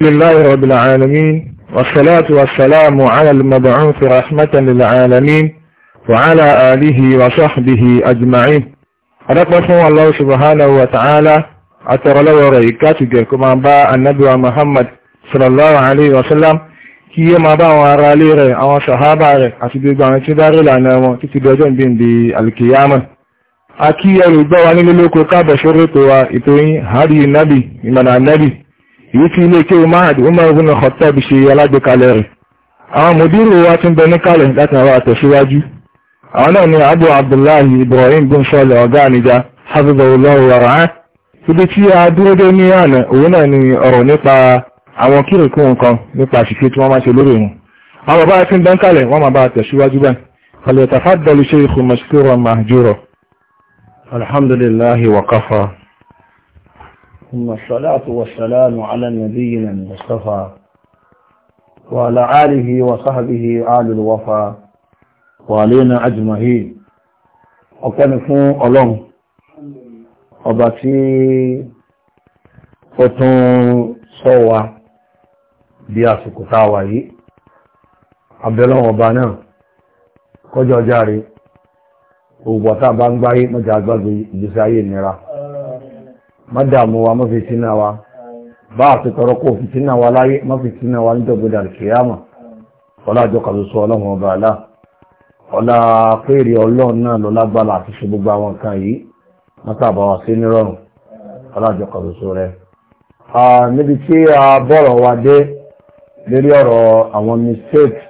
بسم رب العالمين والصلاة والسلام على المبعوث رحمة للعالمين وعلى آله وصحبه أجمعين أدقفوا الله سبحانه وتعالى أترى له رأيكاتك كما باء النبي محمد صلى الله عليه وسلم كي ما باء ورالي رأي أو صحابة أتبقى عن تدار لأنه تتبقى بين دي القيامة أكي يلو دواني للوكو كاب شرطوا إتوين هذه النبي إمان النبي èyí tí ilé kéwù máàdì ó máa gúnnà ọ̀tọ́ bí ṣe alágbèkalẹ̀ rẹ̀ àwọn mòdírò wa tún bẹ níkàlẹ̀ láti àwọn àtẹ̀síwájú àwọn náà ni abu abdullahi ibrahim bin sọlẹ̀ ọ̀gá àníjà hafizahullah wàrà ibi tí a dúró dé ní àná òun náà ni ọ̀rọ̀ nípa àwọn kírìkù nǹkan nípa àṣìṣe tí wọ́n máa ṣe lórí wọn àwọn bàbá tí ń bẹ níkàlẹ̀ wọ́n máa bá àtẹ̀síwájú bẹ́ẹ̀ فليتفضل شيخ مشكورا مهجورا الحمد لله وكفى ثم الصلاة والسلام على نبينا المصطفى وعلى آله وصحبه آل الوفا وعلينا أجمعين ọ̀kẹ́ni fún ọlọ́run ọba tí ó tún sọ wa bí àsìkò táwà yìí abẹ́lọ́wọ̀n ọba náà kọjọ járe ògbọ̀ta bá ń gbáyé mọ́jà agbágbé ìgbésí ayé nira madamuwa mafi tunawa ba su tsaro ko fitinawa layi mafi tunawa da gudar kiyama wala jọka ló sọ ọlọ́run ọba àlá ọlá péré ọlọ́run náà lọ lágbára àti ṣe gbogbo àwọn nǹkan yìí wọ́n sábà wá sí nírọ̀rùn ọlá jọka ló sọ rẹ. níbi tí a bọ̀rọ̀ wa dé lórí ọ̀rọ̀ àwọn mistake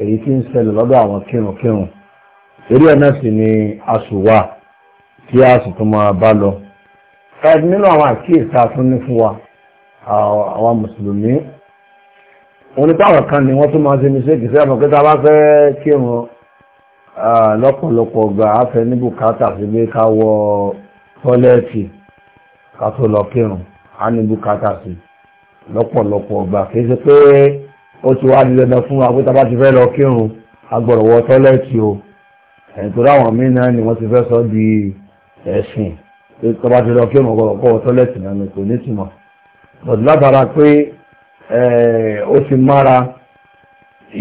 èyí tí ń ṣẹlẹ̀ lọ́dọ̀ àwọn kírunkírun lórí ẹ̀ náà sì ni a sùn a sì tún máa bá lọ. káàdì nínú àwọn àkíyèsá tún ní fún wa àwọn mùsùlùmí onípàwọn kan ni wọ́n tún máa ṣe mistake sí àmọ́ pé tá a bá fẹ́ kírun lọ́pọ̀lọpọ̀ gbà á fẹ́ ní bùkátà sí pé ká wọ tọ́lẹ́ẹ̀tì ká tó lọ kírun á ní bùkátà sí lọ́pọ̀lọpọ̀ gbà kì ṣe pé ó ti wá di dandan fún wa pé tá ti fẹ́ lọ kírun a gbọ́dọ̀ wọ tọ́lẹ́ẹ̀tì o ẹ̀yìn tó dáwọn ni wọ́n ti di ẹ̀sìn tọba ti lọ kí ọmọ ọgọrọ kọ tọ́lẹ̀tì náà kò ní tìmọ̀ bọ̀dù látara pé ó ti mára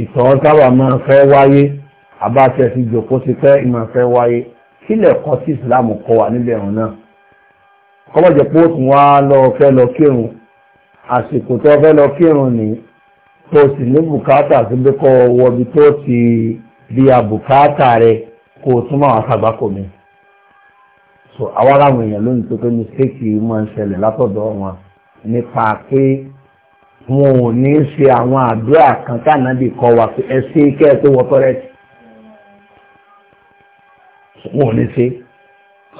ìtọ̀ sábà máa fẹ́ wáyé abáṣẹ ti jòkó ti fẹ́ ìmọ̀ fẹ́ wáyé kí lẹ̀kọ́ sí ìsìláàmù kọ wà nílẹ̀ ẹ̀rùn náà kọ́bọ̀jẹ̀ pé ó tún wá lọ fẹ́ lọ kírun àsìkò tó fẹ́ lọ kírun ní tó sì ní bùkátà sí pé kọ́ wọbi tó ti di àbùkátà rẹ̀ kó o tún máa sàgbákò mi so àwa làwọn èèyàn lónìí tó tó ní séèkì máa ń ṣẹlẹ̀ látọ̀dọ̀ wọn nípa pé wọn ò ní ṣe àwọn àdúrà kan káànábì kọ wa pé ẹ ṣe kẹ́ ẹ tó wọ tọ́rẹ́tì wọn ò ní ṣe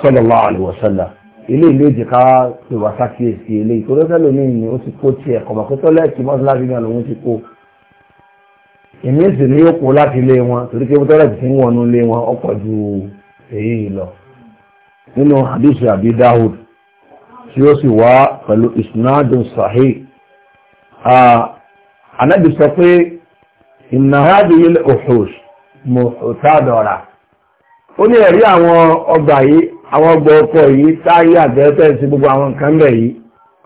sallallahu alaihi wasallam ilé ìlú èdè ká sákìyèsí ilé ìtòlóṣẹ́ lónìí ni ó ti kó tiẹ̀ kọ̀mọ̀ pé tọ́lẹ́ẹ̀tì mọ́ṣáláṣí náà lòun ti kó ìmí sì ní ó kó láti ilé wọn torí pé tọ́lẹ́ẹ̀tì ti ń wọnú ilé wọn ọ̀pọ̀ ju èyí lọ nínú hadith abi dahud tí ó sì wá pẹ̀lú isnadun sahih anábì sọ pé inna hadhihi al-uhush mu'tadara ó ní ẹ̀rí àwọn ọgbà yìí àwọn ọgbà ọkọ̀ yìí táyé àgbẹ̀ẹ́fẹ́ sí gbogbo àwọn nǹkan bẹ̀ yìí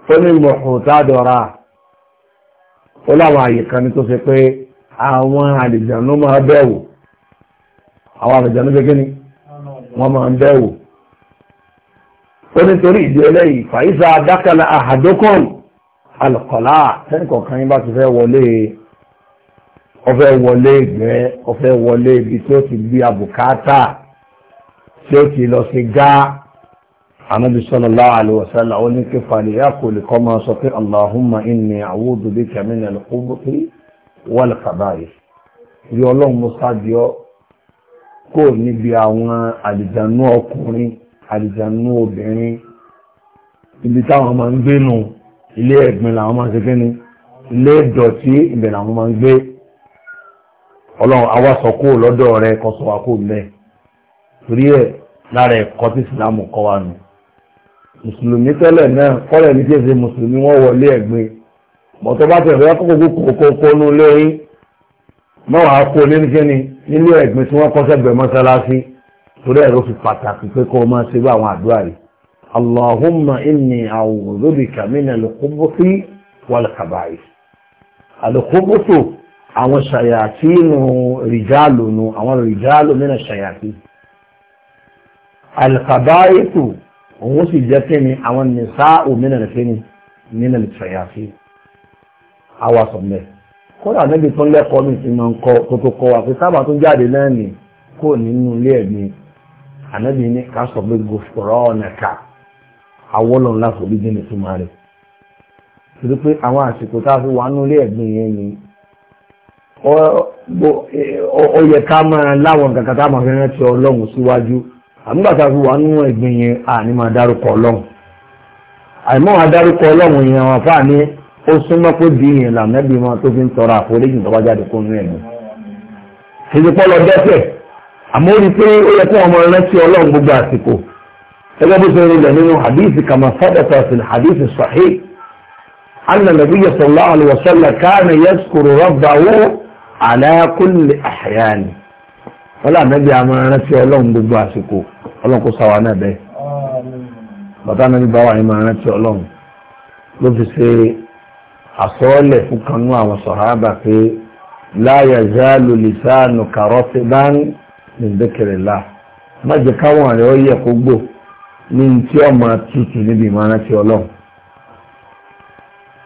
tó ní mu'tadara ó láwọn àyè kan ní tó ṣe pé àwọn àlìjànú máa bẹ̀wò àwọn àlìjànú gẹ́gẹ́ ni wọ́n máa bẹ̀wò ó nítorí ìdí eléyìí fàyíṣà dákàlà àhàdókòm alùkọ̀lá tẹ́nìkọ̀ọ̀kan yín bá ti fẹ́ wọlé ọfẹ́ wọlé ìgbẹ́ ọfẹ́ wọlé ibi tí ó ti gbé àbùkátà tí ó ti lọ sí gá anabi sallallahu alaihi wasallam ó ní kífà lè yá kò lè kọ́ máa sọ pé allahumma inni a'udhu bika min al wal khaba'ith rí ọlọ́run mo sáà di ọ́ kó níbi àwọn àlìjànú ọkùnrin àdìjànú obìnrin ibi táwọn máa ń gbé nù ilé ẹ̀gbin làwọn máa ń ṣe kí ni ilé ìdọ̀tí ibẹ̀ làwọn máa ń gbé ọlọ́run awásọ̀kó lọ́dọ̀ rẹ kọsọ̀wákó lẹ̀ torí ẹ̀ lára ẹ̀kọ́ tí ìsìlámù kọ́ wa nù mùsùlùmí tẹ́lẹ̀ náà kọ́lẹ̀ ní kéèsè mùsùlùmí wọ́n wọlé ẹ̀gbin mọ̀tọ́ bá tẹ̀lé kókó kókó kónú lẹ́yìn mọ́wàá kó ní kíni nílé ẹ̀gbin tí wọ́n kọ́ sẹ́gbẹ̀ẹ́ mọ́sálásí torí ẹ̀rọ fi pàtàkì pé kọ́ máa ṣe bá àwọn àdúrà rẹ̀ allahumma inni a'udhu bika min al-khubuthi wal-khaba'ith al-khubuthi àwọn ṣàyàtì nù rìjálù nù àwọn rìjálù min ash-shayatin al-khaba'ith òun sì jẹ́ kí ni àwọn nìsáà min al-kini min al-shayatin kódà níbi tó ń lẹ́kọ̀ọ́ mi ti máa ń kọ́ tó tó kọ́ wa pé sábà tó jáde náà nì kó nínú ilé ẹ̀mí ànábì ní ká sọ pé gòfòrọ́ọ̀nàkà awọ́lọ̀ ńlá kò dídí ní túmọ̀ rẹ̀ torí pé àwọn àsìkò tá a fi wà nílé ẹ̀gbìn yẹn ni ó yẹ ká máa láwọn kankan tá a máa fi rántí ọlọ́run síwájú àmúgbà tá a fi wà nínú ẹ̀gbìn yẹn à ní máa dárúkọ ọlọ́run àìmọ́ adárúkọ ọlọ́run yẹn wọn fà ó súnmọ́ pé bí yẹn làmẹ́bí wọn tó fi ń tọrọ àforíjì tó bá jáde kó nínú ẹ̀gbìn. ìdíkọ́ lọ dẹ́sẹ̀ àmọ́ rí pé ó yẹ kó ọmọ rántí ọlọ́run gbogbo àsìkò gẹ́gẹ́ bó ṣe rinlẹ̀ nínú hadithi kama sadata fi hadithi sahih anna nabiyya sallallahu alaihi wa sallam kana yaskuru rabbahu ala kulli ahyani wọ́n lànà bí a máa rántí ọlọ́run gbogbo àsìkò ọlọ́run kò sáwà náà bẹ́ẹ̀ bàtà náà ní báwa ni máa rántí ọlọ́run ló fi ṣe àsọ́ọ́lẹ̀ fún kanú àwọn sàhábà pé la yazalu lisanu karatiban min dhikrillah má jẹ́ káwọn rẹ̀ ó yẹ kó gbò ní tí ó máa tutù níbi ìmọ̀rántí ọlọ́run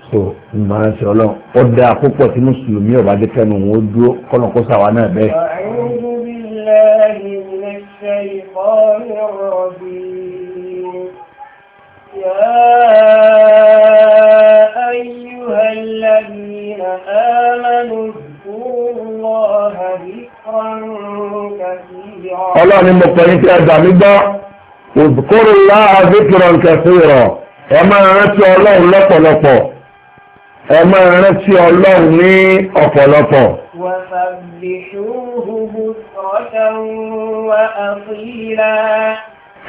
so ìmọ̀rántí ọlọ́run ó dáa púpọ̀ tí mùsùlùmí ọ̀bá dé fẹ́nu òun ó dúró kọ́nà kó sàwa náà bẹ́ẹ̀. a'udhu billahi minash shaytanir rajim ya ayyuhallazina amanu اذكروا الله ذكرا ọlọ́ni mo pẹ̀lú tí ẹgbà mi gbọ́ òkúrò láà zikirọ̀ kẹfìrọ̀ ẹ máa rántí ọlọ́run lọ́pọ̀lọpọ̀ ẹ máa rántí ọlọ́run ní ọ̀pọ̀lọpọ̀.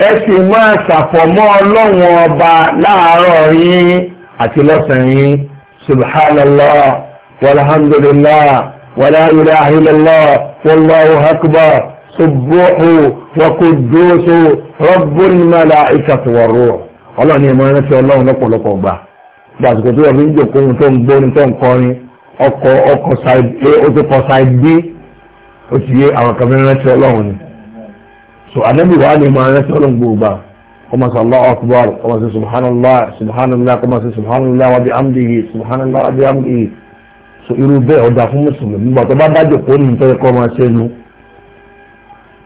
ẹ sì máa ṣàfọ̀mọ́ ọlọ́run ọba láàárọ̀ yín àti lọ́sàn-án yín subhanallah walhamdulillah wala ilaha والله أكبر سبوح وقدوس رب الملائكة والروح ọlọ́run ni ìmọ̀ràn tí ọlọ́run lọ́pọ̀lọpọ̀ gbà gbàsìkò tó yẹ fi ń jòkóhun tó ń gbóni tó ń kọrin ọkọ̀ ọkọ̀ ṣáìdé ó ti kọ ṣáìdé ó ti yé àwọn kan mẹ́rin tí ọlọ́run ni so anábì wa ni ìmọ̀ràn tí ọlọ́run gbò gbà ọmọ sọ allah akbar ọmọ sọ subhanallah subhanallah ọmọ sọ subhanallah wa bi amdihi subhanallah wa bi amdihi so irú bẹ́ẹ̀ ọjà fún mùsùlùmí gbàtọ́ bá bá jòkó ní nítorí kọ́ máa ṣe nu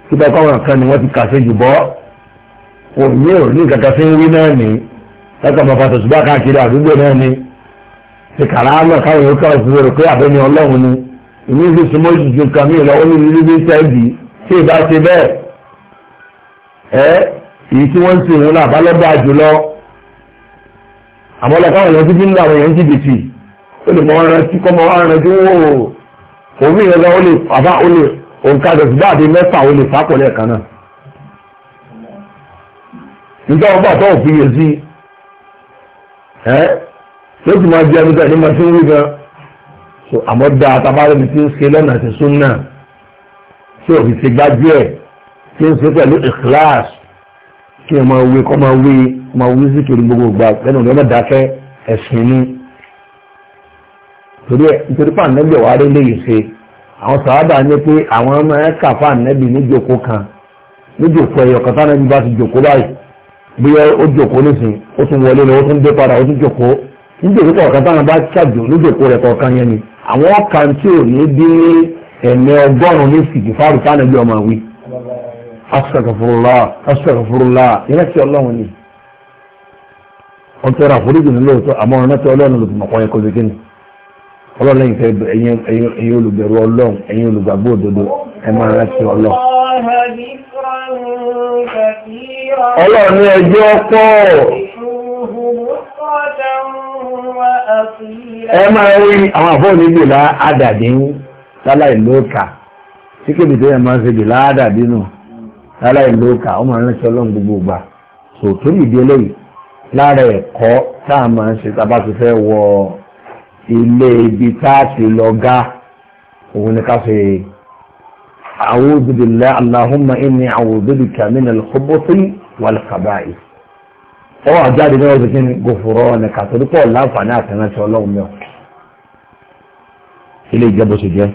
síbẹ̀ káwọn kan ni wọ́n ti kà sí jù bọ́ òye ò ní kankan sí wí náà ní lọ́kàn bàbá tó ṣùgbọ́n káàkiri àdúgbò náà ní ti kàrá náà káwọn yòókù àwọn òṣìṣẹ́ rẹ̀ pé àbẹ́ni ọlọ́run ni ìní ìlú súnmọ́ ìṣùṣù kan mí lọ ní ìlú bí sẹ́ẹ̀dì tí ì bá ṣe bẹ́ẹ̀ ẹ́ èyí tí wọ́n ń sìn wọn náà bá lọ́dọ̀ àjùlọ àmọ́ lọ́kàn àwọn èèyàn ti dín ní àwọn èèyàn jìbìtì ó lè mọ ọ̀ràn tí kọ́ mọ ọ̀ràn tí wọ́n ò òmí ẹ̀rọ ó lè àbá ó lè òǹkà dọ̀tí bá àti mẹ́fà ó lè fàápọ̀ lẹ́ẹ̀kan náà nígbà wọn bá tọ́wọ̀ fi yè sí ẹ́ ló ti máa jẹ ẹnu tẹ̀ ní máa ti ń wí gan so àmọ́ da àtàbárẹ́ mi ti ń ṣe lọ́nà àti súnmọ́ tí òfin ti gbájú ẹ̀ tí ń ṣe pẹ̀lú ìkíláàsì kí ẹ máa wí kọ́ máa wí máa wí sí kiri gbogbo ìgbà lẹ́nu ọ̀dọ́ mọ̀ dákẹ́ ẹ̀sìn ni. torí ẹ nítorí pé ànábì ọ̀wá rí lè ṣe àwọn sàádà ní pé àwọn ọmọ ẹ kà fún níjòkó kan níjòkó ẹyọ kan tánàbì bá ti jòkó báyìí bí ó jòkó nísìn ó tún wọlé lọ ó tún dé padà ó tún jòkó níjòkó kọ̀ọ̀kan tánàbì bá ṣàjò níjòkó rẹ̀ kọ̀ọ̀kan yẹn ni àwọn ọ̀kan tí ò ní dé ọgọ́rùn-ún ní sìkì fáàrù ọmọ wí. ọlọ́run lẹ́yìn tẹ́ ẹ̀yin olùbẹ̀rù ọlọ́run ẹ̀yin olùgbàgbọ́ òdodo ẹ máa rántí ọlọ́run. ọlọ́run ẹjọ́ pọ̀ ẹ máa rí àwọn tó yẹ máa ń ṣe bì ó máa rántí ọlọ́run gbogbo eléyìí lára ẹ̀kọ́ tá a máa ń ṣe tá a bá ti fẹ́ wọ ilé ibi tá a ti lọ ga òun ni ká fi a'udhu billahi allahumma inni a'udhu bika min al-khubuthi wal-khaba'ith ọwọ́ àjáde náà ti kí ni gòfòrò ọ̀nà kàtòrí pọ̀ láǹfààní àtẹnáṣẹ ọlọ́run mẹ́ọ̀ ilé ìjẹ́bù sì jẹ́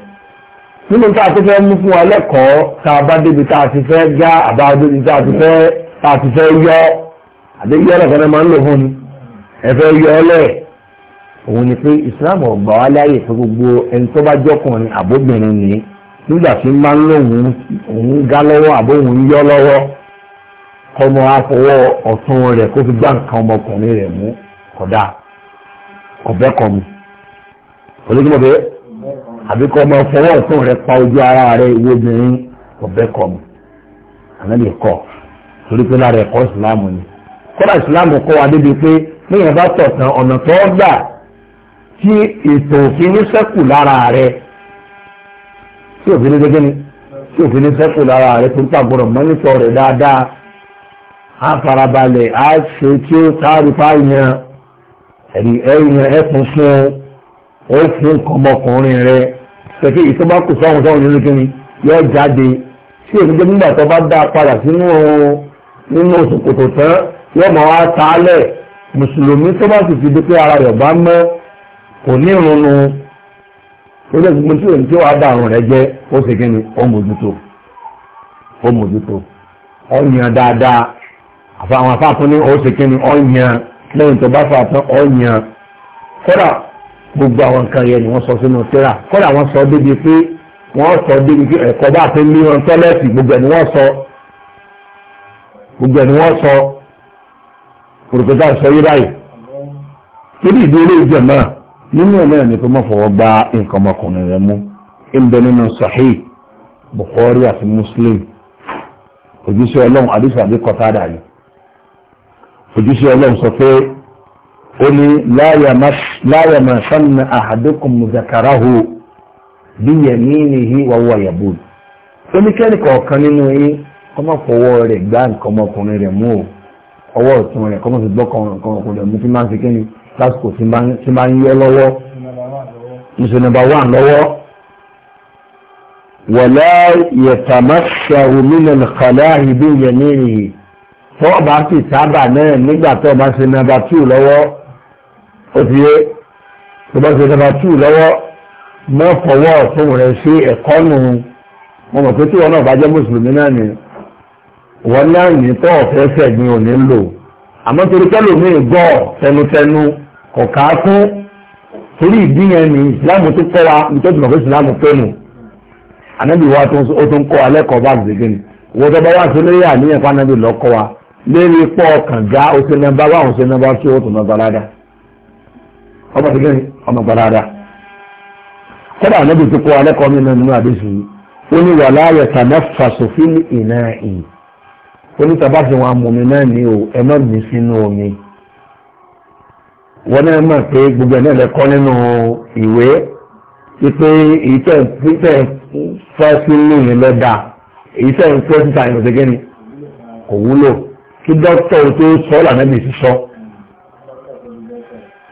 nínú tá a ti fẹ́ mú fún wa lẹ́kọ̀ọ́ tá a bá débi tá a ti fẹ́ já àbá débi tá a ti fẹ́ tá a ti fẹ́ yọ àdéhùn ọ̀rọ̀ kan náà máa ń lò fún ni ẹ fẹ́ yọ ọ lẹ́ẹ̀ òun ni pé islam ọgbà wa láàyè fún gbogbo ẹni tó bá jọkùnrin àbóbìnrin ni nígbà tí ń máa ń lóun òun gá lọ́wọ́ àbóhun yọ́ lọ́wọ́ kọmọ afọwọ́ ọ̀tún rẹ̀ kó fi gbá nǹkan ọmọkùnrin rẹ̀ mú kódà ọ̀bẹ kan mu olójúmọ̀ bẹ́ẹ̀ àbí kọ́ ọmọ ọ̀tún rẹ̀ pa ojú ara rẹ̀ ìwé obìnrin ọ̀bẹ kan mu ànábì kọ́ torí pé lára ẹ̀kọ́ ìsìláàmù ni kódà ìsìláàmù kọ́ wa débi pé níyẹn bá tọ̀ tán ọ̀nà tó gbà tí ètò òfin ní sẹ́kù lára rẹ̀ tí òfin ní gẹ́gẹ́ ni tí òfin ní sẹ́kù lára rẹ̀ tó ń pàgbọ́dọ̀ mọ́nítọ̀ rẹ̀ dáadáa á farabalẹ̀ á ṣe tí ó sáré fáyàn ẹ̀rí ẹ̀yìn ẹ̀fún fún ó fún ọmọkùnrin rẹ̀ pẹ̀kẹ́ ìtọ́bákù sáwọn sáwọn nínú kí ni yọ jáde tí òfin jẹ́ nígbà tó bá dá padà sínú nínú òṣùkòtò tán yọ mọ̀ wá tálẹ̀ mùsùlùmí tó bá sì fi dé ara rẹ̀ bá mọ́ kò ní ìrònú ó jẹ́ gbogbo tí òun tí wàá bá àrùn rẹ̀ jẹ́ ó ṣe kí ni ó mójútó ó mójútó ó yan dáadáa àfàwọn afáàtún ní ó ṣe kí ni ó yan lẹ́yìn tó bá fàtán ó yan kódà gbogbo àwọn nǹkan yẹn ni wọ́n sọ sínú tírà kódà wọ́n sọ débi pé wọ́n sọ débi pé ẹ̀kọ́ bá ti ní wọn tọ́lẹ́ẹ̀tì gbogbo ẹ̀ ni wọ́n sọ gbogbo ẹ̀ ni wọ́n sọ pòròpétà sọ yí báyìí kí ni ìdí olóòjọ náà nínú ẹ̀ náà ni pé má fọwọ́ gba nǹkan ọmọkùnrin rẹ mú ń bẹ nínú sahih bukhari àti muslim ojúṣe ọlọ́run àdúṣe àbí kọ́tádà ni ojúṣe ọlọ́run sọ pé ó ní láyà máa sanna ahadukum muzakarahu bí yaminihi wa huwa yabul ó ní kẹ́ni kọ̀ọ̀kan nínú ọwọ́ ọ̀tún rẹ̀ kó má fi gbọ́ mú fi máa ń fi kíni lásìkò tí máa ń yọ lọ́wọ́ ìṣe nọ́mbà wán lọ́wọ́ wọ̀lá yẹ̀tàmọ́ṣà òmìnà kàláàrí bí yẹ̀mí rèé tó o bá sì sábà náà nígbà tó o bá ṣe nọ́mbà tù lọ́wọ́ ó ti yé tó o bá ṣe nọ́mbà tù lọ́wọ́ mọ́ fọwọ́ fún rẹ̀ ṣe ẹ̀kọ́ nù mo mọ̀ pé tí wọn náà bá jẹ́ mùsùlùmí náà ni wọn náà ní tó ọ̀fẹ́ fẹ̀gbin ò ní lò àmọ́ torí kẹ́lòmíì gọ́ fẹnufẹnu kọ̀ọ̀ká fún torí ìdí yẹn ni ìsìláàmù tó kọ́ wa ní tó ti mọ̀ pé ìsìláàmù pé nù ànábì wa tó ń kọ́ wa lẹ́kọ̀ọ́ bá gbègbè ni wọ́n tó bá wá sí lórí àníyàn fún ànábì lọ́kọ́ wa lérí pọ̀ kànga oṣù nọmba wa oṣù nọmba tí ó tó nọ gbalada ọmọ tó gbẹ̀rẹ̀ ọmọ gbalada kọ́dà ànábì tó kọ́ wa lẹ́kọ̀ọ́ mi nínú àdéṣù yìí ó ní wàhálà ayẹ̀ta náà fàṣọfin ìnáà ì wọ́n náà mọ̀ pé gbogbo ẹ̀nà ẹ̀lẹ́kọ́ nínú ìwé wípé èyí tẹ̀ fẹ́ sínú yẹn lọ́dà èyí tẹ̀ ń fẹ́ síta yẹn ọ̀sẹ̀gẹ́ ni kò wúlò kí dókítà ò tó sọ lànàbì sí sọ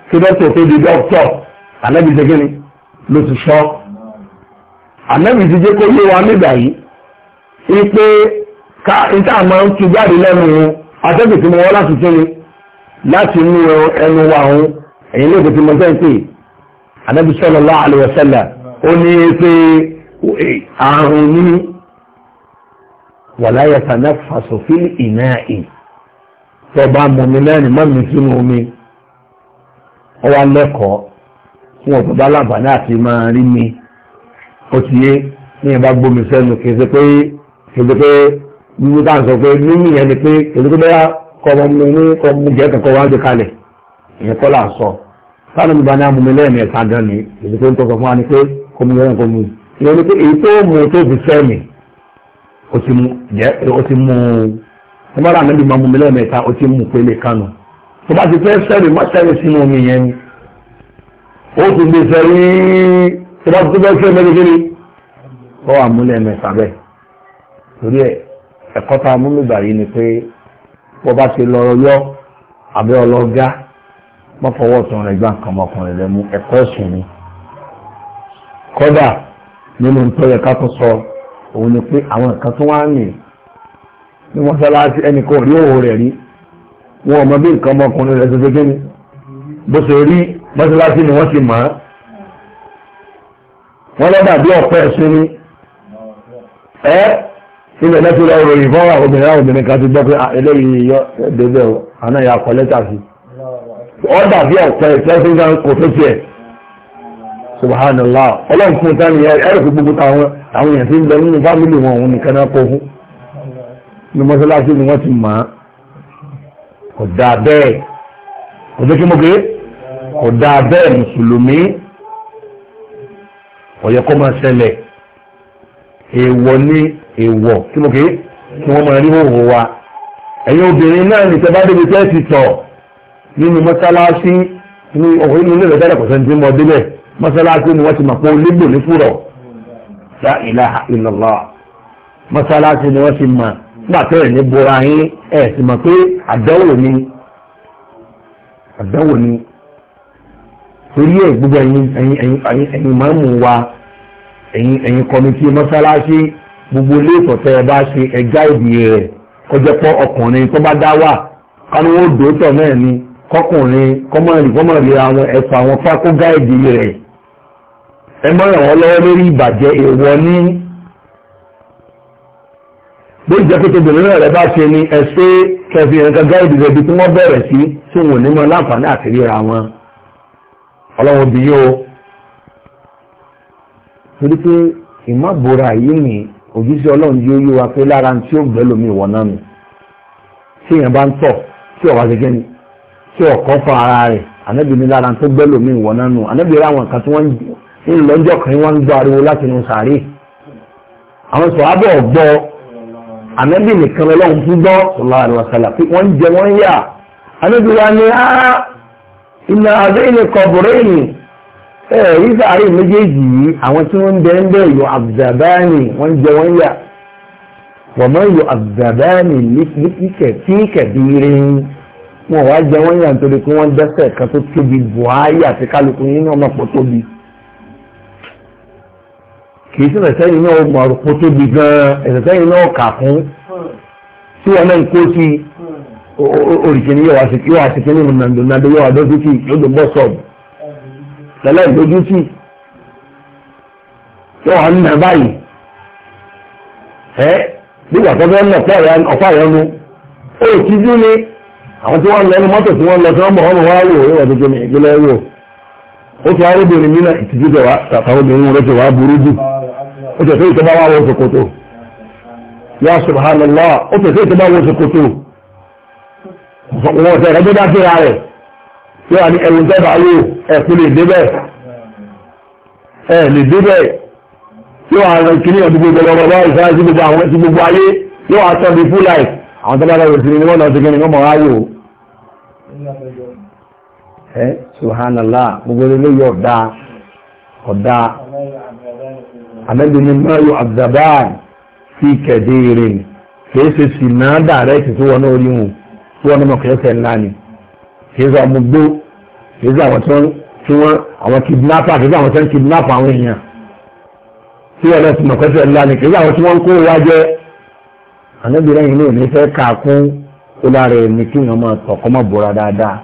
kí dókítà ò tó di dókítà lànàbì sẹ́gẹ́ ni ló ti sọ ànàbì ti jẹ́ kó yé wa nígbà yìí wípé ká ìta ń tu jáde lẹ́nu atẹ́gùn tí mo wọ́n láti tẹ́lẹ̀ láti mú ẹnu wa òun ẹ̀yìn lóògbé tí mo fẹ́ pè Ànábì sallallahu alaihi wasallam ó ní pé àrùn ní wala yatanaffasu fil ina'i tọba mọ̀mí lẹ́rìn mọ́mí sínú omi ó wá lẹ́kọ̀ọ́ fún ọ̀bọ̀bá láǹfààní àti máa rí mi ó ti yé ní ìbá gbómi sẹ́nu kì í ṣe pé kì í ṣe pé wíwú tá à ń sọ pé mímú yẹn ni pé kì í ṣe pé bẹ́ẹ̀ kọmọ mi ní kọmọ jẹ́ kẹ́kọ̀ọ́ wá gbé kalẹ̀ ìyẹn kọ́ sọ sáànà mi bá ní amúmi lẹ́ẹ̀mẹ́ta gan ni èyí tó ń tọ́ sọ fún wa ni pé kọmọ yẹn kọmọ yìí ìyẹn ni pé èyí tó mú tó fi sẹ́mi ó ti ti mú ẹ bá rà níbi máa mú mi lẹ́ẹ̀mẹ́ta ó ti mú pélé kánú tó bá ti fẹ́ sẹ́mi má sẹ́mi sínú omi yẹn ni ó ti gbé sẹ́mi tó bá ti fẹ́ sẹ́mi kékeré kọ́ àmúlẹ̀ mẹ́ta bẹ́ẹ̀ torí ẹ̀ ẹ̀kọ́ tá yìí ni pé bọ́ bá ṣe lọ́rọ̀ yọ àbẹ́ ọlọ́gá má fọwọ́ tán rẹ̀ gbá nǹkan ọmọkùnrin rẹ̀ mú ẹ̀kọ́ ẹ̀sùn ni kódà nínú tó yẹ ká tó sọ òun ni pé àwọn nǹkan tó wá ń rìn ní mọ́sálásí ẹnìkan rí òwò rẹ̀ rí wọn ò bí nǹkan ọmọkùnrin rẹ̀ ṣe gẹ́ni bó ṣe rí mọ́sálásí ni wọ́n ti mọ̀ ọ́ wọ́n lọ́dà bí ọ̀pẹ́ ẹ̀sùn ni ẹ́ ilẹ̀ lẹ́tọ́ lọ ròyìn fún àwọn obìnrin àwọn obìnrin kan ti gbọ́ pé ah, eléyìí yọ débẹ̀ o àná ìyá kọ lẹ́tà sí ọ dàbí ọ̀pẹ ìfẹ́sẹ̀ńgá kò tó tiẹ̀ subhanallah ọlọ́run fún ìtàn ìyá ẹ̀rọ fi gbogbo àwọn àwọn èèyàn tí ń bẹ nínú fámìlì wọn òun nìkan náà kó fún ní mọ́sálásí ni wọ́n ti mọ̀ á kò dáa bẹ́ẹ̀ kò dé kí mo gbé kò dáa bẹ́ẹ̀ mùsùlùmí ọ̀yẹ́kọ́ máa ṣẹlẹ̀ èèwọ̀ ni èèwọ̀ kí mo kéé kí wọ́n máa rí hòhò wa ẹ̀yin obìnrin náà ní tẹ́bá débi tẹ́ ti tọ̀ nínú mọ́sálásí ní ọ̀hún inú ilé ìrẹ̀dá ìdàkọ̀sẹ́ ti mọ débẹ̀ mọ́sálásí ni wọ́n ti mọ̀ pé ó légbò ní fúrọ̀ la ilaha illallah mọ́sálásí ni wọ́n ti mọ̀ nígbà tó ẹ̀ ní bora yín ẹ̀ sì mọ̀ pé àdánwò ni àdánwò ni torí ẹ̀ gbogbo ẹ̀yin ẹ̀yin ẹ̀yin ẹ̀yin máa ń mú wa ẹ̀yin ẹ̀yin kọ́mítì mọ́sálásí gbogbo ilé ìtọ̀tẹ́ ẹ bá ṣe ẹ̀gá ìdí rẹ̀ kọjá pọ̀ ọkùnrin tó bá dá wà kánú ó dòótọ̀ náà ni kọkùnrin kọ́mọ̀rì kọ́mọ̀rì àwọn ẹ̀fọ́ àwọn pákó gáìdì rẹ̀ ẹ mọ́ ràn wọ́n lọ́wọ́ lórí ìbàjẹ́ èèwọ̀ ní bó ìjẹ́ pé tóbi lórí rẹ̀ bá ṣe ni ẹ ṣe kẹfì ẹ̀ǹkà gáìdì rẹ̀ bí tí wọ́n bẹ̀rẹ̀ sí tí wọn ní mọ láǹfààní àti òjíṣẹ́ ọlọ́run yóò yé wa pé lára tí ó gbẹ́ lómi ìwọ̀n náà nù tí èèyàn bá ń tọ̀ tí ọ̀wá gẹ́gẹ́ ni tí ọ̀kọ́ fún ara rẹ̀ ànábì ní lára tó gbẹ́ lómi ìwọ̀n náà nù ànábì rẹ̀ àwọn kan tí wọ́n ń lọ́jọ́ kan wọ́n ń gbọ́ ariwo láti inú sàárè àwọn sọ̀hábọ̀ gbọ́ ànábì nìkan lọ́lọ́run fún gbọ́ sallallahu alaihi ẹ̀rí sàárè méjèèjì yìí àwọn tí wọ́n ń bẹ́ẹ̀ ń bẹ́ẹ̀ yọ àbùdàbáàní wọ́n jẹ wọ́n yà wọ́n mọ̀ yọ àbùdàbáàní tí kẹ̀bíire wọn wá jẹ wọ́n yà nítorí pé wọ́n dẹ́ṣẹ̀ kan tó tóbi buhari àti kálukú yìí náà mọ̀pọ̀ tóbi kìí sí ẹ̀sẹ̀ yìí náà mọ̀pọ̀ tóbi gan-an ẹ̀sẹ̀ yìí náà kà fún tí wọ́n náà ń kó sí oríṣiríṣi yóò wá sí kí lẹ́lẹ́ ìdójú sí na wọ́n ń nà báyìí ẹ́ nígbà tó fẹ́ nà ọ̀pá ìyọnu ó ti dún ní àwọn tí wọ́n lẹ́nu mọ́tò tí wọ́n lọ tí wọ́n bọ̀ wò ó wà tuntun ní ìpínlẹ̀ wò ó ti arábìnrin mi ìtìjú tẹ̀ wá tàbí rẹ̀ tẹ̀ wá burú jù ó wọ subhanallah ó tẹ̀sẹ̀ ìtọ́ bá wọ ṣòkòtò wọ́n tẹ̀ gbé dá yóò wà ní ẹ̀rùn tẹ́bà yóò ẹ̀kún lè débẹ̀ ẹ̀ lè débẹ̀ kìíní ọdún gbogbo ọgbọ̀gbọ̀ ìsáyẹ̀ gbogbo àwọn sí gbogbo ayé yóò wà di full life àwọn tẹ́bà rẹ̀ ni ni rí kìí sọ ọmọ gbó kìí sọ àwọn tó ń tí wọ́n àwọn kidnapper kìí sọ àwọn tí ń kidnap àwọn èèyàn tí wọ́n lọ sí mọ̀kọ́sẹ̀ ńlá kìí sọ àwọn tí wọ́n ń kó wá jẹ́ ànábìrẹ́ yìí ní òní fẹ́ kà kún ó lára ẹni kí wọ́n máa tọ̀kọ́ mọ̀ bọ́ra dáadáa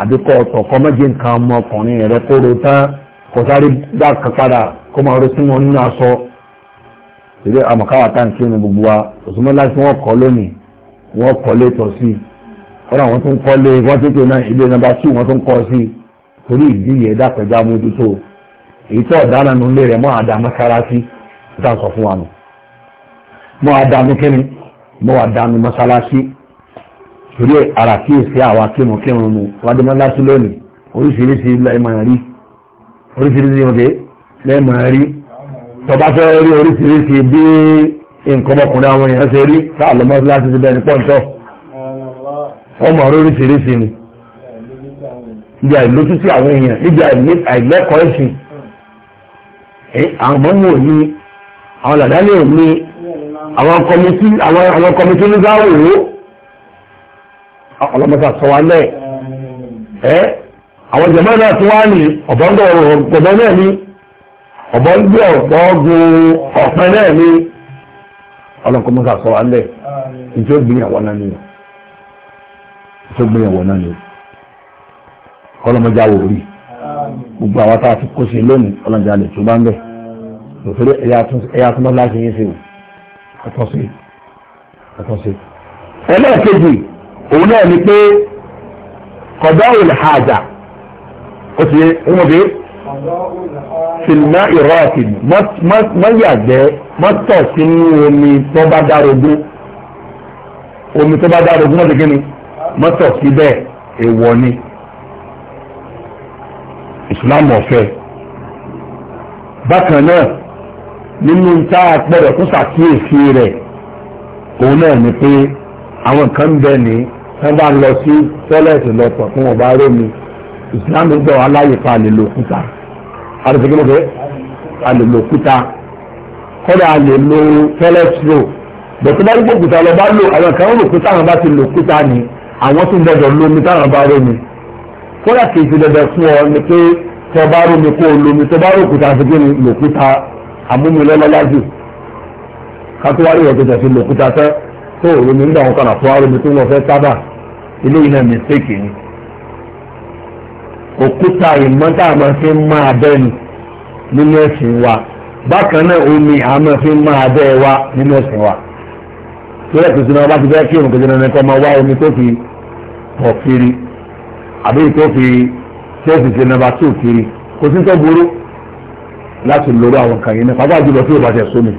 àbí kọ́ jẹ́ kó máa nínú aṣọ ìdí àmọ̀káwá tí kọ́ra wọn tún kọ́ lé wọ́n tètè náà ilé nọ́mbà two wọ́n tún kọ́ sí torí ìdí yẹn dápẹ́já mójútó èyí tó ọ̀daràn nínú ilé rẹ̀ mọ́ àdá mọ́sálásí tá a sọ fún wa nù mọ́ àdánù kíni mọ́ àdánù mọ́sálásí torí ara kíyèsí àwa kírun-kírun nù wádìí mọ́sálásí lónìí oríṣiríṣi lẹ́ẹ̀mọ̀ rí oríṣiríṣi ọ̀dẹ́ lẹ́ẹ̀mọ̀ rí tọba fẹ́ rí oríṣiríṣi bí nǹkan ọmọkùnrin àwọn èèyàn ṣe rí sáà lọ́mọ́sálásí ti bẹ́ẹ̀ ní pọ́ńtọ́ ọmọ oríṣiríṣi ni níbi àìlójútì àwọn èèyàn níbi àìlẹ́kọ̀ọ́ ẹ̀sìn àwọn ọmọ òní àwọn làdálẹ̀ òní àwọn kọmití àwọn kọmití ní gáwòrò ọlọ́mọta sọ wa lẹ́ ẹ́ àwọn jẹ̀mọ́ náà tó wá ní ọ̀bọ̀ndọ̀ ọ̀gbọ̀n náà ní ọ̀bọ̀ndọ̀ ọ̀gbọ̀gùn ọ̀pẹ náà ní ọlọ́mọta sọ wa lẹ́ ìjọ gbìyànwó náà nìyàn tó gbéyàwó náà ni ọlọ́mọdé àwọ̀ orí gbogbo àwọn tá a ti kó sí lónìí ọlọ́mọdé àlè tó bá ń bẹ̀ òfin ẹ̀yà tó bá láti yín sí o àtọ́sí àtọ́sí. ẹlẹ́ẹ̀kejì òun náà ni pé kọ̀dọ̀ òun hajà ó ti yé wọ́n bí sinima ìrọ́ọ̀tì mọ́yàgbẹ́ mọ́tọ̀ sínú omi tó bá dárogún omi tó bá dárogún wọ́n mọ́tọ̀ síbẹ̀ èèwọ̀ ni ìsìláàmù ọ̀fẹ́ bákan náà nínú tá a pẹ̀rẹ̀ kó ṣàkíyèsí rẹ̀ òun náà ni pé àwọn nǹkan bẹ ní wọ́n bá lọ sí tọ́lẹ̀tì lọ́tọ̀ fún ọba rómi ìsìláàmù gbọ́ aláyè pa lè lo òkúta àdìsíkí lóde a lè lo òkúta kọ́dà a lè lo tọ́lẹ̀tì lò bẹ̀tọ́ bá rí gbòkúta lọ bá lò àwọn kan rò pé táwọn bá ti lo òkúta ni àwọn tí ń dẹ̀dọ̀ lómi táwọn bá rómi kódà kì í ti dẹ̀dọ̀ fún ọ ni pé tọ́ bá rómi kó o lómi tọ́ bá rókúta sí kí ni lòkúta àmúmilọ́lọ́lá jù lòkúta tẹ́ tó o lómi nígbà wọn kan àtọ́ wá tó wọn fẹ́ sábà náà ni òkúta ìmọ́tà máa fi ń máa ni nínú ẹ̀sìn wa bákan náà omi àmọ́ fi máa wa nínú ẹ̀sìn wa. tóyẹ tó sinmi ọba ti fẹ́ kí òun kejì náà nìkan máa wá omi tó fi pọ̀ kiri àbí tó fi tí ó fi ṣe nàbà tó kiri kò sí tó burú láti lórí àwọn kan yìí náà pàápàá jùlọ tí òbá tẹ sómi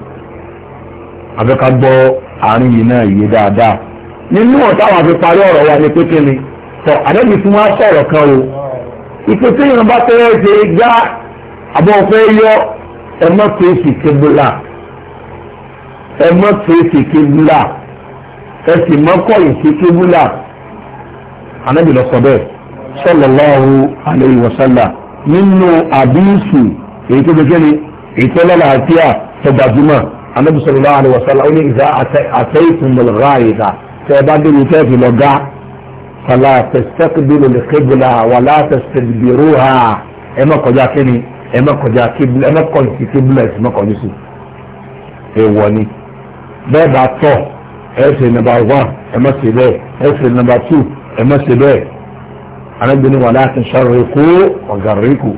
àbẹ́ká gbọ́ àárín yìí náà yé dáadáa nínú ọ̀tá àwọn àfi parí ọ̀rọ̀ wa ni pété ni tọ́ àdẹ́bí fún wa sọ̀rọ̀ kan o ìpè tí ìyẹn tẹ́lẹ̀ ṣe gbá àbọ̀ fẹ́ yọ ẹ̀mọ́ kéèsì kébùlà ẹ mọ́ fèsì kébúlà ẹ sì mọ́ kọ̀yìn sí kébúlà anábì lọ sọ bẹ́ẹ̀ sallallahu alayhi wa sallam nínú àdínsù èyí tó gbẹgẹ́ ni èyí tó lọ́la àti à tó gbajúmọ̀ anábì sallallahu alayhi wa sallam ó ní ìdá àtẹ́yìkùn lọ́gá ìdá tẹ́ ẹ bá débi tẹ́ fi lọ́gá fàlà tẹ̀sítẹ́kùbìlù lè kébùlà wàlà tẹ̀sítẹ́kùbìrúhà ẹ má kọjá kíni ẹ má kọjá kébùlà ẹ má kọjá kébùlà ẹ sì má kọjá sí ẹ wọ ni bẹ́ẹ̀ bá tọ̀ ẹ ṣe nọ́mbà one ẹ má ṣe bẹ́ẹ̀ ẹ ṣe nọ́mbà two ẹ má ṣe bẹ́ẹ̀ arábìnrin wà láti ṣàròyé kó ọ̀gàrí kù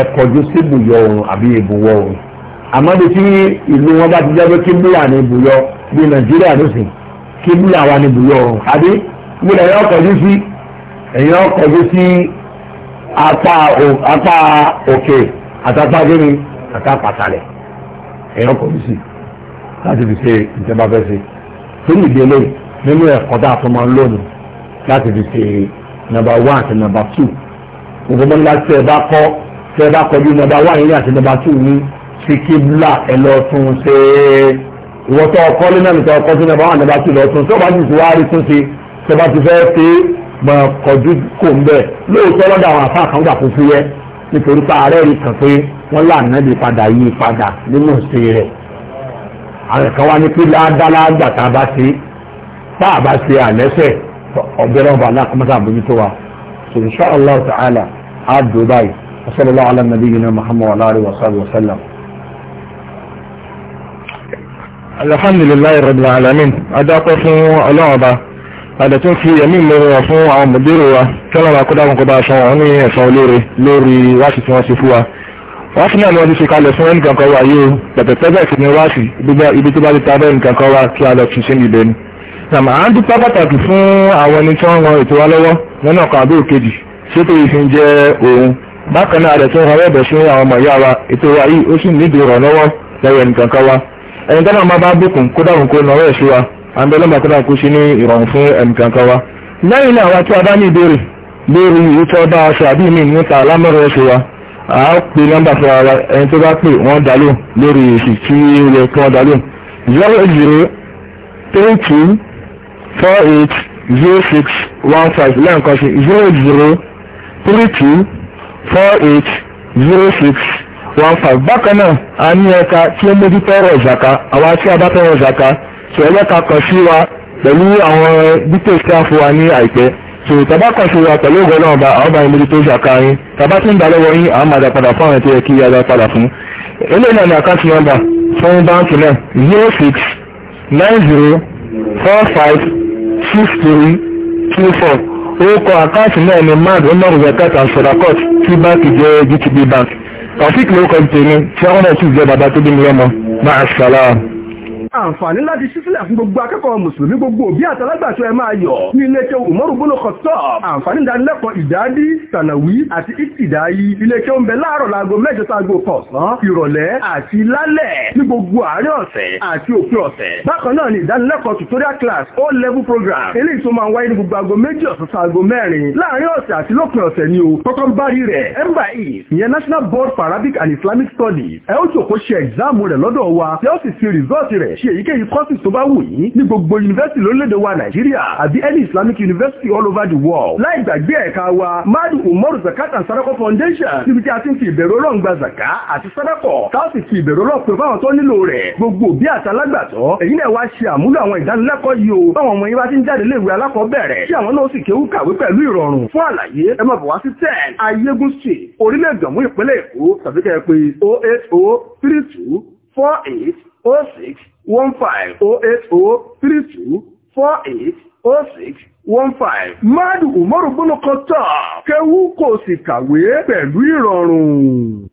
ẹ kọjú sí ibùyọ oòrùn àbí ibùwọ̀ oòrùn àmọ́ bí tí ìlú wọn bá ti jẹ́ pé kíbílà ní ibùyọ bí nàìjíríà ló sìn kíbílà wà ní ibùyọ oòrùn àbí mo lè kọjú sí ẹ̀yìn ọkọjú sí apá òkè àtàpá gírin àtàpàtàlẹ̀ ẹ̀yìn ọkọjú sí láti fi ṣe ìjọba fẹ́ ṣe sínú ìdílé nínú ẹ̀kọ́ tá a tún máa ń lónìí láti fi ṣe nọ́mbà one àti nọ́mbà two gbogbo ńlá tẹ ẹ bá kọ́ tẹ ẹ bá kọjú nọ́mbà one yìí àti nọ́mbà two yìí sí kíbla ẹ lọ tún ṣe ìwọ tó ọkọ lé náà nìkan ọkọ sí nọ́mbà one nọ́mbà two lọ tún tó bá sì ti wá rí tún ṣe tó bá ti fẹ́ ṣe mọ kọjú kò ń bẹ̀ lóòótọ́ lọ́dọ̀ àwọn àfa kan gbà fún fúyẹ́ nítorí pé ààrẹ rí kàn pé wọ́n lá ànábì padà yí padà nínú ìṣe rẹ̀ àwọn kan wá ní pé láádáláàgbà tá a bá ṣe tá a bá ṣe àlẹ́sẹ̀ ọ̀bẹ̀rẹ̀ ọba aláàkọ́mọ́sá àbójútó wa so insha allah ta'ala a dùn báyìí وصلى الله على نبينا محمد وعلى اله وصحبه وسلم alhamdulilayi rabil alamin adápẹ́ fún ọlọ́run ọba àdẹ tó ń fi ẹ̀mí ìmọ̀ràn wà fún àwọn mọ̀dérò wa kí ọlọ́run akọ́dá wọn kọ́ bá aṣọ wọn ní ẹ̀sán olóore lórí wáṣí tí wọ́n ṣe fún wa wọ́n fún náà ni wọ́n kalẹ̀ fún o wá ibi tó bá ti ta bẹ́ẹ̀ nìkan kan wá kí a lọ fi ni. nàmà à ń dúpẹ́ pàtàkì fún àwọn ẹni tí wọ́n ran ètò wa lọ́wọ́ lọ́nà kan àbí òkejì ṣètò ìfin jẹ́ òun. bákan náà rẹ̀ tó ń rọrẹ́ bẹ̀ sí àwọn ọmọ ìyá wa ètò wa yìí ó sì ìrànlọ́wọ́ lẹ́yìn ẹnìkan kan wa a pe nọ́mbà fún ara ẹni tó bá pè wọ́n dá lórí èsì tí ó yẹ kí wọ́n dá zero zero three two four eight zero six one five lẹ́ẹ̀kan sí zero zero three two four eight zero six one five bákan náà a ní ẹ̀ka tí ó mójútó ọ̀rọ̀ ìzàká àwa tí a bá tọrọ ìzàká ṣẹlẹ́ka kan sí wa pẹ̀lú àwọn dítẹ̀ tí wa ní àìpẹ́ so tàbá kan ṣe wa pẹ̀lú ògbọ́n náà ọba ìmúdi tó ṣàkà yín tàbá tí ń da lọ́wọ́ yín àwọn àdá padà fún àwọn ètò ẹ̀kí yàrá padà fún eléyìí náà ní àkáǹtì nọ́mbà fún báńkì náà zero six nine zero four five six three two four orúkọ àkáǹtì náà ní mad umar zakat and sodakot tí báńkì jẹ́ GTB bank taofik lórúkọ tèmi tí wọ́n náà tún jẹ́ bàbá tó bí mi lọ́mọ máa ṣàlàyé àǹfààní láti ṣísílẹ̀ fún gbogbo akẹ́kọ̀ọ́ mùsùlùmí gbogbo òbí àtàlágbàṣọ ẹ máa yọ̀ ní ilé-ẹ̀kẹ́ Umaru bolo kọ̀tọ́ àǹfààní ìdánilẹ́kọ̀ọ́ ìdádí tànàwí àti ìtìdáyí ilé-ẹ̀kẹ́ ń bẹ láàárọ̀ láago mẹ́jọ sáago kọ̀ọ̀sán ìrọ̀lẹ́ àti lálẹ́ ní gbogbo àárín ọ̀sẹ̀ àti òpin ọ̀sẹ̀ bákan náà ni ìdánilẹ́kọ̀ọ́ tutorial class O level program eléyìí tó máa wáyé ní gbogbo aago méjì ọ̀sán sáago mẹ́rin láàárín ọ̀sẹ̀ àti lópin ọ̀sẹ̀ ni o kọ́kọ́ ń bá rí rẹ̀ emba east ìyẹn National Board for Arabic and Islamic Studies ẹ ó jòkó ṣe ẹ̀gzáàmù rẹ̀ lọ́dọ̀ wa tí ó sì fi rìsọ́ọ̀tì rẹ̀ ṣe èyíkéyìí courses tó bá wù yín ní gbogbo yunifásitì lórílẹ̀‐èdè wa nàìjíríà àbí any islamic university all over the world láì gbàgbé ẹ̀ka wa madu umaru zakat and sadako foundation níbi tí a ti ń fi ìbẹ̀rù ọlọ́run gba zaka àti sadako tá a sì fi ìbẹ̀rù ọlọ́run pè fáwọn tó nílò rẹ̀ gbogbo òbí àti alágbàtọ́ èyí náà wá ṣe àmúlò àwọn ìdánilẹ́kọ̀ọ́ yìí o báwọn ọmọ yín bá ti ń one five oh eight oh three two four eight oh six one five. Madu Umaru Bonokoto, kẹ́wú kò sì kàwé pẹ̀lú ìrọ̀rùn.